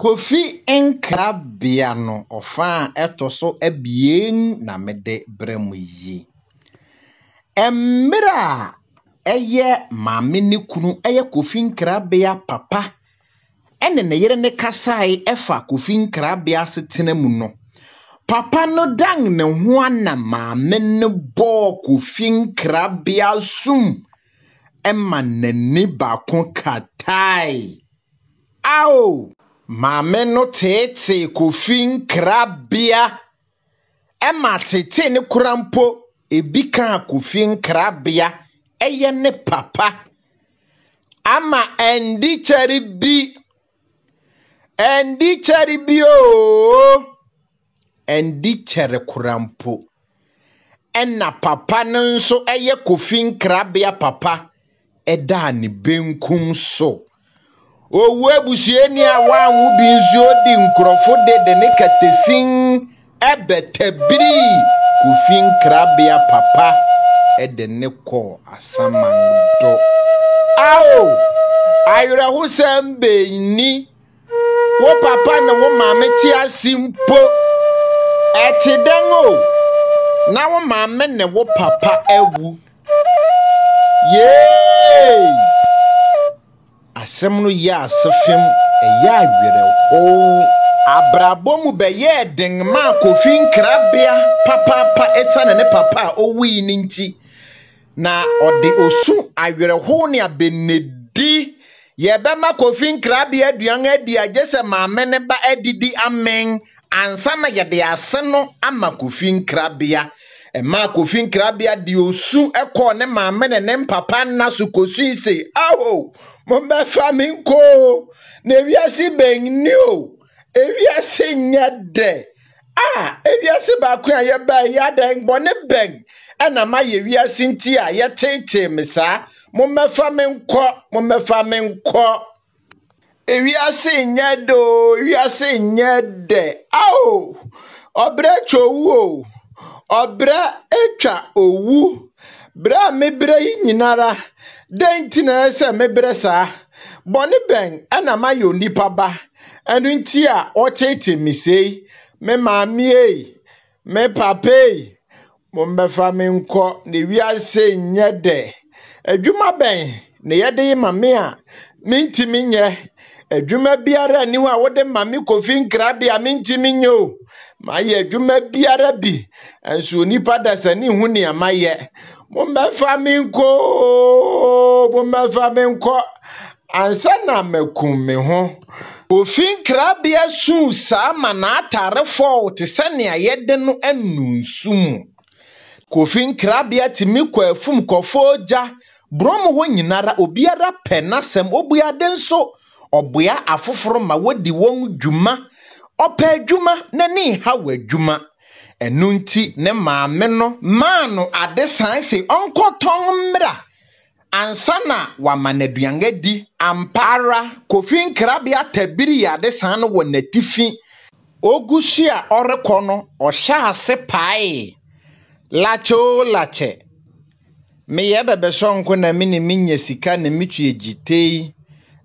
Kofi Nkrabea no ɔfa a ɛtɔ so abien na mede brɛ mo yi. Mmerɛ a ɛyɛ maame ne kunu ɛyɛ Kofi Nkrabea papa ɛne ne yere no kasaeɛ ɛfa Kofi Nkrabea asetena mu no, papa no dan ne ho ana maame no bɔɔ Kofi Nkrabea sum ɛma n'ani baako katae. Ao! Maame no teetee kofi nkrabea ɛma tetee ne kora mpo ebi kaa kofi nkrabea ɛyɛ ne papa ama ɛndi kyɛre bi ɛndi kyɛre bi ooo ɛndi kyɛre kora mpo ɛna papa no nso ɛyɛ kofi nkrabea papa ɛda ne benkum so owu ebusua ni awa wanwu bi nsuo di nkurɔfo de de ne kɛtɛsin ɛbɛtɛ kofi nkrabea papa ɛde ne kɔ asamando ao awerɛhosɛm benni wo papa ne wo maame te ase mpo ɛte dɛn o na wo maame ne wo papa awu yee asɛm no yɛ ase fam ɛyɛ awerɛhow abrabɔ mu bɛyɛɛ den ma kofi nkrabea papaapa ɛsiane ne papa a ɔwui no nti na ɔde osu awerɛhow ne abɛnɛdi yɛbɛma kofi nkrabea aduan adi agye sɛ maame ne ba adidi amen ansa na yɛde ase no ama kofi nkrabea mmaa kofi nkrabea deɛ osu kɔɔ ne maame ne ne mpapa nna so kosui se awo mommɛfa me nkoo na ewiase bɛnni o ewiase nyɛ dɛ a ewiase baako a yɛbɛn yɛ adan bɔne bɛn ɛna ma yɛ wiase nti a yɛtetee me saa mommɛfa me nkɔ mommɛfa me nkɔ ewiase nyɛ dɛ o ewiase nyɛ dɛ awo ɔbrɛ twa owu o. ɔbrɛ atwa owu berɛ a mebrɛ yi nyinara dɛn nti na ɛsɛ sɛ mebrɛ saa bɔne bɛn ɛna mayɛ onipa ba ɛno nti a ɔtete me sei me maamee me papei mommɛfa me nkɔ na wiase nyɛ dɛ adwuma bɛn na yɛde yi ma me a mentimi nyɛ adwuma biara ni a wode ma me kofi nkrabea mentimi nyɛ o mayɛ adwuma biara bi nso onipa dasani hu nea mayɛ mommɛfa me nkɔ mommɛfa me nkɔ ansa na makum me ho ofi nkrabea suu saa ma n'atare fɔw te sɛnea yɛde no anu nsu mu kofi nkrabea tumi kɔ afum kɔfɔɔ gya borɔm hɔ nyinara obiara pɛ n'asɛm obua nso ɔboa afoforo ma wodi wɔn dwuma ọpa adwuma n'ani ha wɔ adwuma ɛno nti ne maame no maa no adesan sɛ ɔnkɔtɔn mmra ansa na wama n'aduane di ampa ara kofi nkrabea tabiri ade san no wɔ n'atifi ogu so a ɔrekɔ no ɔhyɛ ase pae lakye o lakye meyɛ bɛbɛsɔnko na me ne menya sika na metwe gyite yi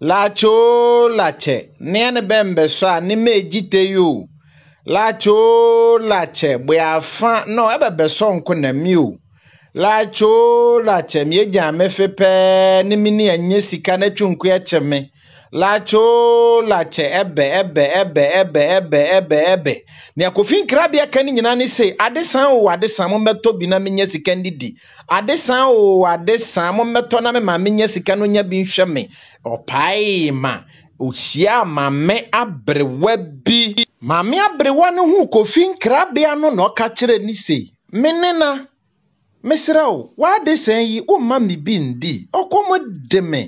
Lachoo lache, nenebembe so a nemejite yo. Lachoo lache, bwe afa no ebebe so nko na mi o. Lachoo lache, miegya mefe pɛɛ ne mini anya sika na twunku ɛkyɛ me. lacho lache ebe ebe ebe ebe ebe ebe ebe nea kofi nkrabea ka ne nyinaa ne se adesan o adesan mo mɛtɔ bi na menyɛ sika ndi di adesan o adesan mo mɛtɔ na mema menyɛ sika no nya bi nhwɛ me ɔpae ma ohyia maame aberewa bi maame aberewa no ho kofi nkrabea no na ɔka kyerɛ ne se me ne na mesrɛ o w'adesan yi womma me bi ndi ɔkɔmɔ de me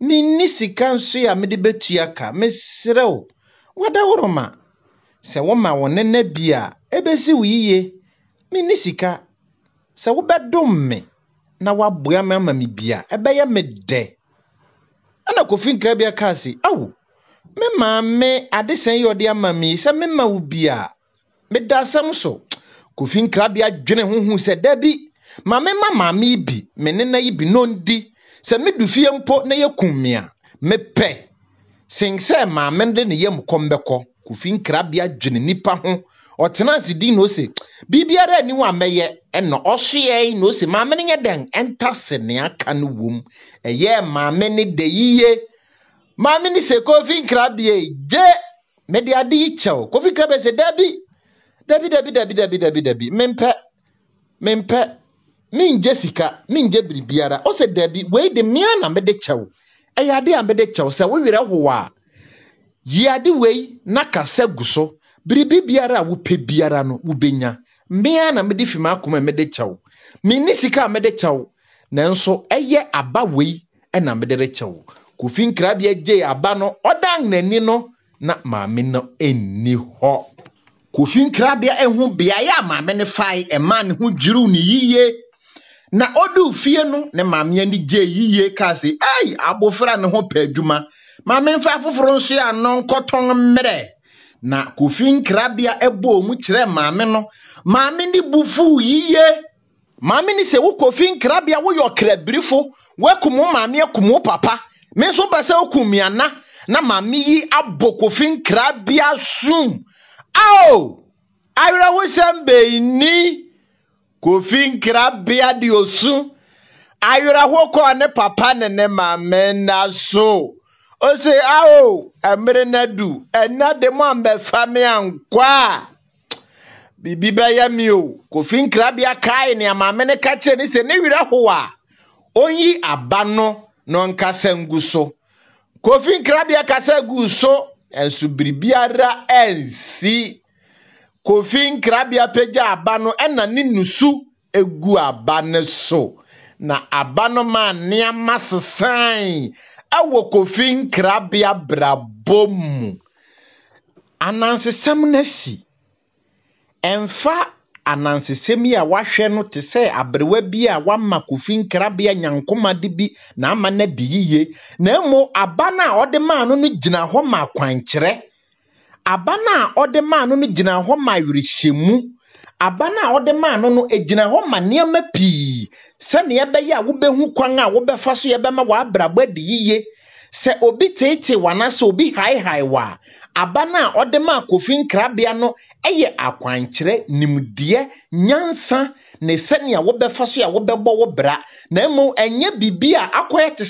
menni sika nso a mede bɛtua ka mesrɛ wo wadaworo ma sɛ woma wo nena bi a ɛbɛsi wo yie menni sika sɛ wobɛdom me na woaboa me ama me bi a ɛbɛyɛ me dɛ ɛna kofi nkra bi aka se awo me maame adesɛn yi ɔde ama me yi sɛ mema wo bi a meda asɛm so kofi nkra bi adwene ho hu sɛ da bi ma mema maame yi bi me nena yi bi na ɔndi sɛ medu fie mpo na yɛkum me a mepɛ sen sɛ maame de ne yam kɔm bɛkɔ kofi nkrabea dwene nipa ho ɔtena ase din na ose biribiara ani wa mɛyɛ ɛna ɔsoɛ na ose maame no nyɛ dɛn ɛnta se ne aka no wom ɛyɛ maame ne da yie maame ne sɛ kofi nkrabea gye mede ade yi kyɛw kofi nkrabea sɛ dabi dabi dabi dabi dabi dabi dabi mempɛ mempɛ mengye sika mengye biribiara ɔsɛ dabi wei de mmea na mede kyɛw ɛyɛ ade a mede kyɛw sɛ wowerɛ ho a yi ade wei na kasa gu so biribi biara a wopɛ biara no wobɛnya mmea na mede fi m'akoma a mede kyɛw menni sika a mede kyɛw nanso ɛyɛ aba wei ɛna mede rekyɛw kofi nkrabea gye aba no ɔdan n'ani no na maame no ɛnni hɔ kofi nkrabea ɛho beaeɛ a maame no fae ɛmaa ne ho dwiriw ne yie na ɔdu fie no ne maame ani gye yie kaa sɛ ɛyi abofra ne ho pɛ adwuma maame nfa foforɔ nso yɛ anɔ nkɔtɔn mmerɛ na kofi nkrabea ɛbɔ ɔmu kyerɛ maame no maame ne bu fuu yie maame ne sɛ wo kofi nkrabea woyɛ ɔkrabirifo woakum wo maame akum wo papa me nso pɛ sɛ wokum yana na maame yi abɔ kofi nkrabea sum ao awerɛhosɛm bɛyini kofi nkrabea de osu awerɛho kɔɔ ne papa ne ne maame nna so ose ao ɛmere na du ɛna de mu ambɛfa me ankɔ a biribi bɛyɛ me o kofi nkrabea kae nea maame ne ka kyerɛ ne sɛ ne werɛ a ɔnyi aba no na ɔnkasa ngu so kofi nkrabea kasa gu so ɛnso biribiara ɛnsi Kofi Nkrabea pagya aba no ɛna ne nusu egu aba no so. Na aba no ma nneɛma sesan ɛwɔ Kofi Nkrabea brabɔ mu. Anansesɛm no asi. Ɛmfa anansesɛm yi a wahwɛ no te sɛ aberewa bi a wama Kofi Nkrabea de bi na ama no adi yie. Na emu aba no a ɔde maa no no gyina hɔ ma akwankyerɛ. aba no a ɔde maa no no gyina hɔ ma awerɛhyɛmu aba no a ɔde maa no no hɔ ma nneɛma pii ɛbɛyɛ a wobɛhu kwan a wobɛfa so yɛbɛma w'abrabɔ adi yie sɛ obi obi haehae wo aba no ɔde kofi nkrabea no ɛyɛ akwankyerɛ nimdeɛ nyansa ne sɛnea wobɛfa na mmom ɛnyɛ biribi a akɔyɛ te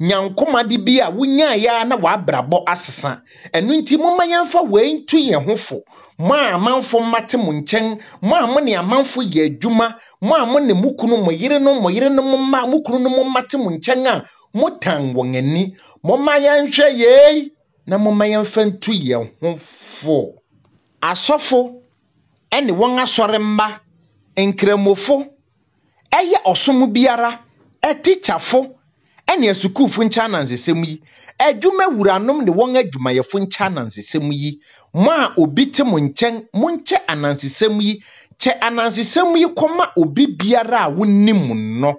nyankomade bi a wonyaeɛ na wabrabɔ asesa ɛno nti momma yɛmfa wei nto yɛn ho fo mo a amanfo mmate mo nkyɛn mo a mo ne amanfo yɛ adwuma mo a mo ne mo kunu mo yere no mo yere no mo mma mo kunu no mo mmate mo nkyɛn a motan wɔn ani momma yɛnhwɛ yei na momma yɛmfa nto yɛn ho fo asɔfo ɛne wɔn asɔre mma nkramofo ɛyɛ ɔsom biara ɛtikyafo ɛne sukuufo nkyɛn anansesɛm yi adwumawuranom ne wɔn adwumayɛfo nkyɛn anansesɛm yi mo a obi te mo nkyɛn mo nkyɛ anansesɛm yi kyɛ anansesɛm yi kɔma obi biara a wonim no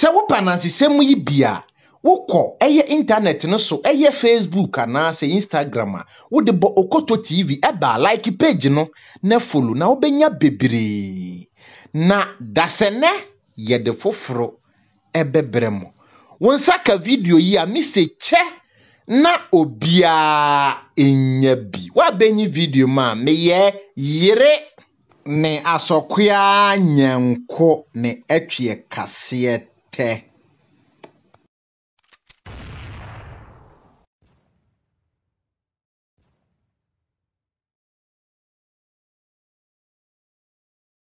sɛ wopa anansesɛm yi bia wokɔ ɛyɛ internet no so ɛyɛ facebook anaasɛ instagram a wode bɔ okoto tv ɛba like page no na follow na wobɛnya bebree na dasɛnɛ yɛde foforo ɛbɛbrɛ mo wɔn nsa ka video yi a mise kyɛ na obiara enya bi wabɛnyi video mu a meyɛ yere ne asɔkoa nyanko ne ɛtweɛ kaseɛ tɛ.